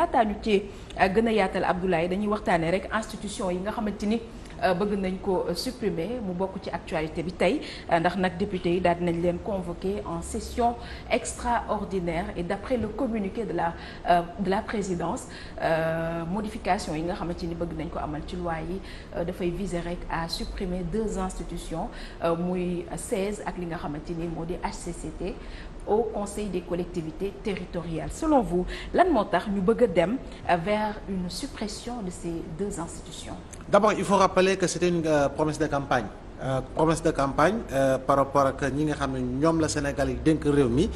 laataa ci euh, gën a yaatal yi dañuy waxtaanee rek institution yi nga xamante ni euh, bëgg nañ ko supprimer mu bokk ci actualité bi tey euh, ndax nag député yi daal nañ leen convoqué en session extraordinaire et d'après le communiqué de la de la présidence modification yi nga xamante ni bëgg nañ ko amal ci loi yi dafay viser rek à supprimer deux institutions muy 16 ak li nga xamante ni moo di HCCT au conseil des collectivités territoriales selon vous lan moo tax ñu bëgg a dem vers une suppression de ces deux institutions. d'abord il faut rappeler que c'était une euh, promesse de campagne. Euh, promesse de campagne euh, par rapport ak ñi nga xam ne ñoom la Sénégal yi dénk réew mi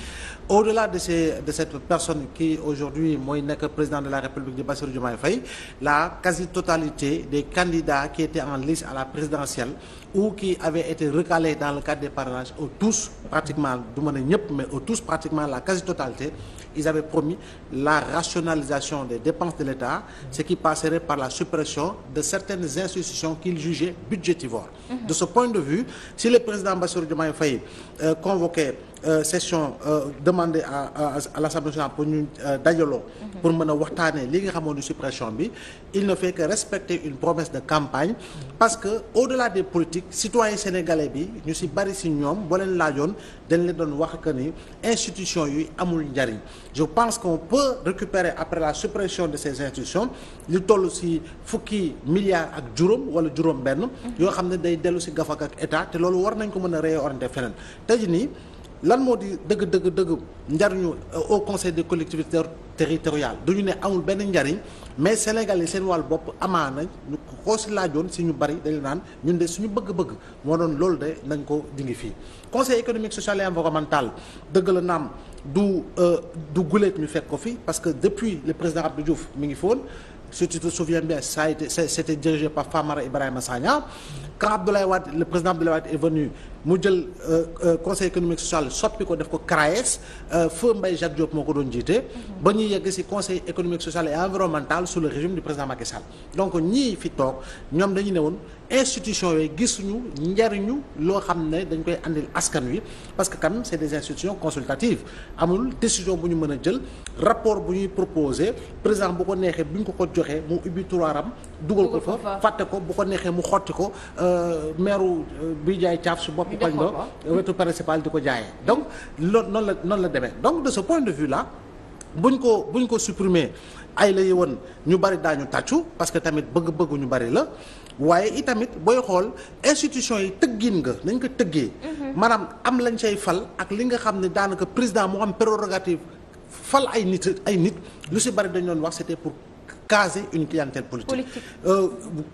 au-delà de ces de cette personne qui aujourd'hui mooy nekk président de la République di Bassirou Diomaye Faye la quasi-totalité des candidats qui étaient en liste à la présidentielle ou qui avaient été recalés dans le cadre des parrainages au tous pratiquement du mën a mais au tous pratiquement la quasi-totalité ils avaient promis la rationalisation des dépenses de l'État, ce qui passerait par la suppression de certaines institutions qu'ils jugeaient budgétivores. Mm -hmm. De ce point de vue, si le président Bassirou Diomaye Faye euh, convoquait Euh, session euh, demandé à à l'Assemblée nationale pour ñu euh, dajaloo. pour mën a waxtaanee li nga xamoon ni suppression bi il ne fait que respecter une promesse de campagne. parce que au-delà des politiques citoyens sénégalais bi ñu ci bari ci ñoom boo leen laajoon dañ leen doon wax que ni institution yu amul njariñ je pense qu'on peut récupérer après la suppression de ces institutions lu toll ci fukki milliards ak juróom wala juróom-benn. Mhm. yoo xam ne day dellu ci gafak ak te loolu war nañ ko mën a réorienter feneen tey nii. lan moo di dëgg dëgg dëgg njariñu euh, au conseil des collectivités du dañu ne amul benn njariñ mais Sénégal yi seen wàllu bopp amaana ñu xoo si laajoon si ñu bari dañu naan ñun de suñu bëgg-bëgg moo doon loolu de nañ ko dingi fii conseil économique social et environnemental dëgg la naam du euh, du guleet ñu fekk ko fi parce que depuis le président Abdou Diouf mi ngi foon si tu te souviens bien ça a été c'était dirigé par Famara Ibrahima Sagna quand Abdoulaye Wade le président Abdoulaye Wade est venu mu jël euh, euh, conseil économique social soppi ko def ko CRAES euh, foo Mbaye Jacques Diop moo ko doon jiite. ba ñuy yegg ci conseil économique social et environnemental sous le régime du président Macky Sall donc ñii fi toog ñoom dañu ne woon institution yooyu gisuñu njariñu loo xam ne dañ koy andil askan wi parce que quand même c'est des institutions amul décision bu ñu mën a jël rapport bu ñuy proposé président bu ko neexee bu ñu ko ko joxee mu ubbi turoiram dugal ko fa fàtte ko bu ko neexee mu xotti ko meeru bi jaay caaf su bopp di koñ loo wetu di ko jaayee donc loolu noonu la noonu la demee donc de ce point de vue là buñ ko buñ ko supprimer ay la woon ñu bari daañu tàccu parce que tamit bëgg-bëggu ñu bari la waaye itamit booy xool institution yi tëggin nga nañ ko tëggee mhm. maanaam am lañ say fal ak li nga xam ne daanaka président moo am prérogative fal ay nit ay nit lu si bari dañ doon wax c'était pour caser une clientèle politique euh,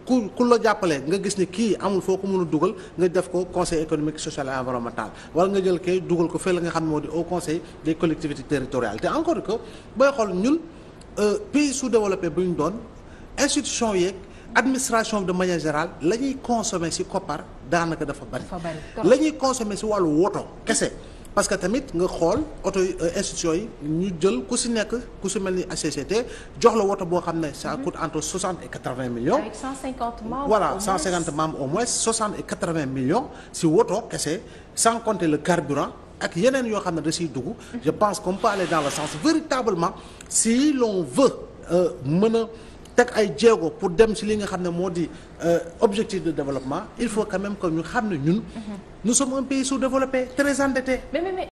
ku ku la jàppale nga gis ne kii amul foo ko mën a dugal nga def ko conseil économique social et environnemental wala nga jël kay dugal ko fee la nga xam ne moo di au conseil des collectivités territoriales te encore que booy xool ñun euh, pays su développé bu ñu doon institution yeeg administration de manière générale la ñuy consommer ci koppar daanaka dafa bari la ñuy consommer ci wàllu woto kese parce que tamit nga xool oto euh, institution yi ñu jël ku si nekk ku si mel ni HCCT jox la woto boo xam ne ça mhm. coûte entre soixante et quatre vingt millions. avec cent cinquante membres voilà cent cinquante membres au moins millions si woto kese sans compter le carburant. ak yeneen yoo xam ne da siy duggu mhm. je pense qu'on peut aller dans le sens véritablement si l'on veut euh, mën a teg ay jéego pour dem ci li nga xam ne moo di euh, objectif de développement il faut quand même que ñu xam ne ñun mhm. nous soo un pays sous-développé très endetté